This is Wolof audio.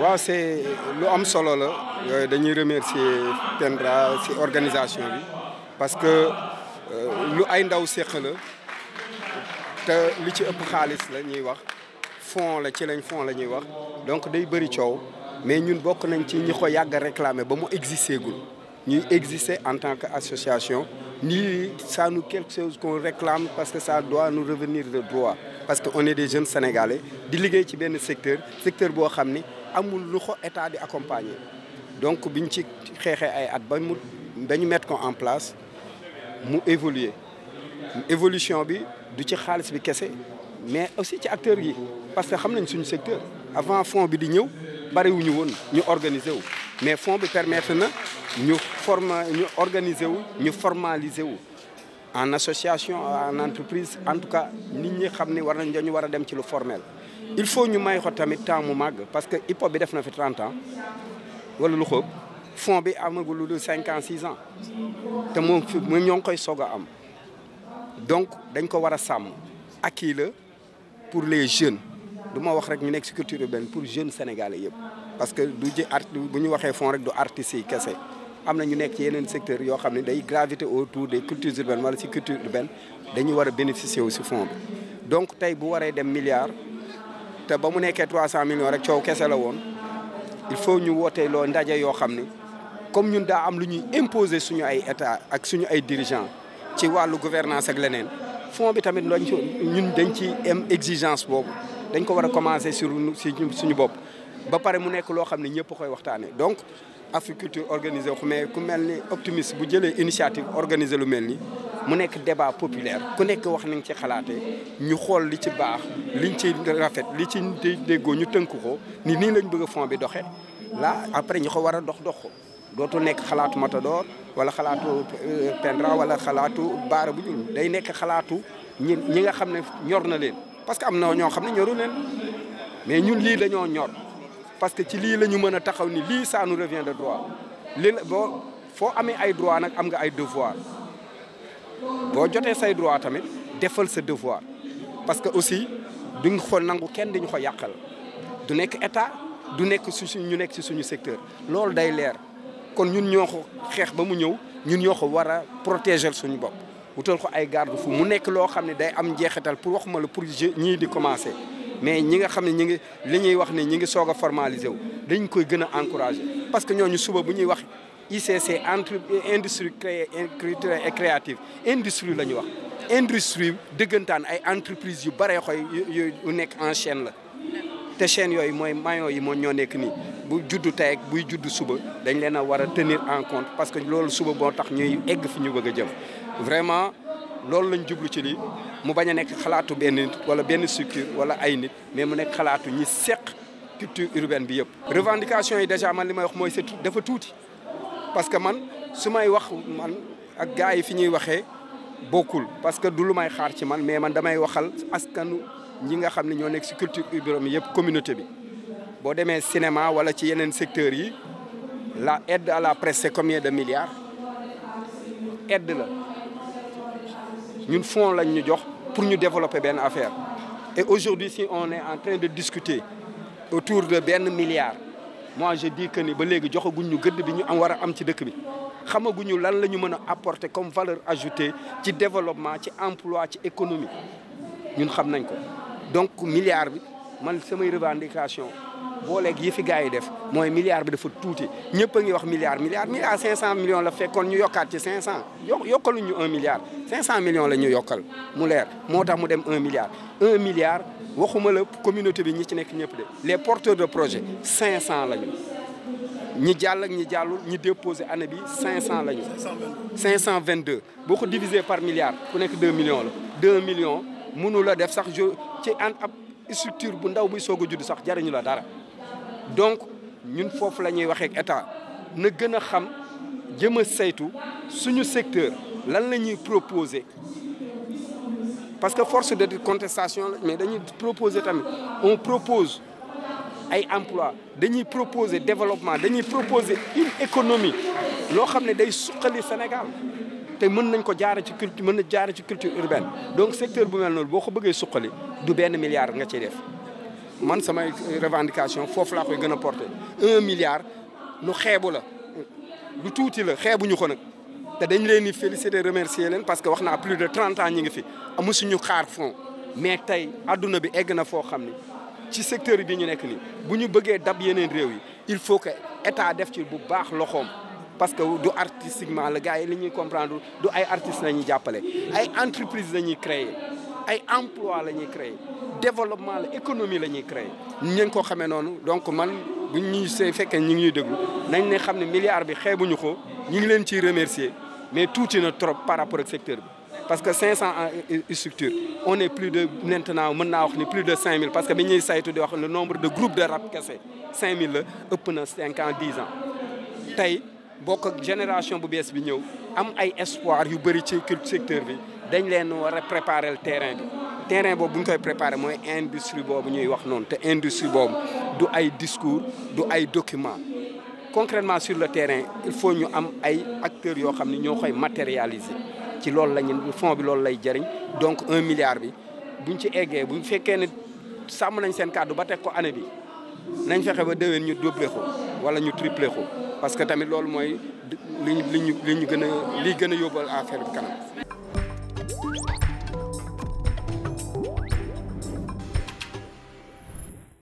waaw c'est lu am solo la dañuy remercier TENRA ci organisation bi parce que euh, lu ay ndaw séq la te li ci ëpp xaalis la ñuy wax fond la ci lañ fond la ñuy wax donc day bëri coow mais ñun bokk nañ ci ñu ko yàgg a ba mu exister gul ñuy exister en tant que association Lui, ça nous quelque chose qu'on réclame parce que ça doit nous revenir de droit. Parce que qu'on est des jeunes Sénégalais, di liggéey ci benn secteur secteur boo xam ni amul lu ko état di accompagner donc bi biñ ci xeexee ay at ba mu dañu mettre ko en place mu évoluer évolution bi du ci xaalis bi kese mais aussi ci acteurs yi parce que xam nañ suñu secteur avant fond bi di ñëw bariwuñu woon ñu organiser wu mais fond bi permettre na ñu forma ñu organiser wu ñu formaliser wu en association en entreprise en tout cas nit ñi xam ni war nañ dañu war a dem ci lu formel. il faut ñu may ko tamit temps mu màgg parce que hip hop bi def na fi 30 ans wala lu xóob fon bi amagul lu dul 5 te moom fi mu ñoo ngi koy soog a am donc dañ ko war a sàmm. acquis la pour les jeunes du ma wax rek ñu nekk ci culture urbaine pour jeunes sénégalais yëpp parce que du ji art bu ñu waxee fond rek du artistes kese. am na ñu nekk ci yeneen secteur yoo xam ne day gravité autour des cultures urbaines wala si culture urbaine dañu war a bénéficier wu si fonds bi donc tey bu waree dem milliard te ba mu nekkee trois cent millions rek coow kese la woon il faut ñu wootee loo ndaje yoo xam ne comme ñun daa am lu ñuy imposer suñu ay état ak suñu ay dirigeants ci wàllu gouvernance ak leneen fonds bi tamit lañ ñun dañ ci am exigence boobu dañ ko war a commencer sur si suñu bopp ba pare mu nekk loo xam ne ñëpp koy waxtaanee donc agriculture organisée wu mais ku mel ni optimiste bu jëlee initiative organisée lu mel ni mu nekk débat populaire ku nekk wax nañ ci xalaatee ñu xool li ci baax liñ ci rafet li ci déggoo ñu tënk ko ni nii lañ bëgg a fond bi doxee là après ñu ko war a dox dox ko dootu nekk xalaatu Matador wala xalaatu euh, Pendra wala xalaatu Baara bu ñuul day nekk xalaatu ñi ñi nga xam ne ñor na leen parce que am na ñoo xam ne ñoru leen mais ñun lii dañoo ñor. parce que ci lii la ñu mën a taxaw ni lii ça nous revient de droit lii la boo foo amee ay droit nag am nga ay devoir boo jotee say droit tamit defal sa devoir parce que aussi duñ ko nangu kenn dañu ko yàqal du nekk état du nekk su ñu nekk ci suñu secteur loolu day leer kon ñun ñoo ko xeex ba mu ñëw ñun ñoo ko war a protéger suñu bopp wutal ko ay garde-fou mu nekk loo xam ne day am njeexital pour waxuma la pour ñii di commencer mais ñi nga xam ne ñi ngi li ñuy wax ni ñi ngi soog a formalisé wu dañ koy gën a encouragé parce que ñooñu suba bu ñuy wax ICC entre industrie crée culturelle et créative industrie la ñuy wax industrie dëggantaan ay entreprise yu bare xoy yu nekk en chaine la te chaîne yooyu mooy maillon yi moo ñoo nekk nii bu juddu tey buy juddu suba dañ leen a war a tenir en compte parce que loolu suba boo tax ñuy egg fu ñu bëgg a jëm vraiment loolu lañ jublu ci li mu bañ a nekk xalaatu benn nit wala benn structure wala ay nit mais mu nekk xalaatu ñi seq culture urbaine bi yëpp. revendication yi déjà man li may wax mooy c'est dafa tuuti parce que man su may wax man ak gars yi fi ñuy waxee bokkul parce que du lu may xaar ci man mais man damay waxal askanu ñi nga xam ne ñoo nekk si culture urbaine yëpp communauté bi. boo demee cinéma wala ci yeneen secteur yi la aide à la presse c'est de milliards aide la ñun fonds lañ ñu jox. pour ñu développer benn affaire et aujourd'hui si on est en train de discuter autour de benn milliard moi je dis que ni ba léegi joxaguñ ñu gëdd bi ñu am war a am ci dëkk bi xamaguñu lan la ñu mën a apporter comme valeur ajoutée ci développement ci emploi ci économie ñun xam nañ ko donc milliard bi man samay revendication booleeg yi fi gars yi def mooy milliard bi dafa tuuti ñëpp a ngi wax milliard milliard milliard cinq cent millions la fekkoon ñu yokkaat ci cinq cent ñu un milliard cinq cent millions la ñu yokkal mu leer moo tax mu dem un milliard un milliard waxuma la communauté bi ñu ci nekk ñëpp de les porteur de projet cinq cent la ñu ñi jàll ak ñi jàllul ñi déposé année bi cinq cent la ñu cinq cent vingt deux boo ko diviser par milliard ku nekk deux millions la million millions mënu la def sax jo ci an ab structure bu ndaw buy soog a judd sax jariñu la dara donc ñun foofu la ñuy waxee ak état na gën a xam jëm a saytu suñu secteur lan la ñuy proposer parce que force de contestation la mais dañuy proposer tamit on propose ay emploi dañuy proposer développement dañuy proposer une économie loo xam ne day suqali Sénégal te mën nañ ko jaare ci culture mën na jaare ci culture urbaine donc secteur bu mel noonu boo ko bëggee suqali du benn milliard nga ciy def man samay revendication foofu laa koy gën a porté un milliard lu xeebu la lu tuuti la xeebuñu ko nag te dañ leen di féliciter remercier leen parce que wax naa plus de trente ans ñi ngi fi ñu xaar fond mais tey adduna bi egg na foo xam ni ci secteur bi ñu nekk nii bu ñu bëggee dab yeneen réew yi il faut que état def ci bu baax loxoom parce que du artistiquement la gars yi li ñuy comprendre du ay artistes la ñuy jàppale ay entreprise la ñuy créer ay emplois la ñuy créer développement la économie la ñuy créer ñu ngi ko xamee noonu donc man bu ñuy see fekkee ñu ngi ñuy déglu nañ ne xam ne milliard bi xeebuñu ko ñu ngi leen ciy remercier mais tuuti na trop par rapport ak secteur bi. parce que 500 euh, euh, structures on est plus de maintenant mën naa wax ni plus de 5000 parce que bi ñuy saytu di wax le nombre de groupes de rap kese 5000 la ëpp na 5 ans 10 ans tey bokk ak génération bu bees bi ñëw am ay espoir yu bëri ci secteur bi dañ leen war a préparer le terrain terrain boobu ñu koy préparer mooy industrie boobu ñuy wax noonu te industrie boobu du ay discours du ay document concretement sur le terrain il faut ñu am ay acteurs yoo xam ne ñoo koy matérialiser ci loolu la ñu bi loolu lay jariñ donc un milliard bi buñ ci eggee bu ñu fekkee ne sàmm nañ seen kàddu ba teg ko année bi nañ fexe ba déwén ñu doublé ko wala ñu triplé ko parce que tamit loolu mooy li ñu li ñu li ñu gën a li gën a yóbbal affaire bi kanam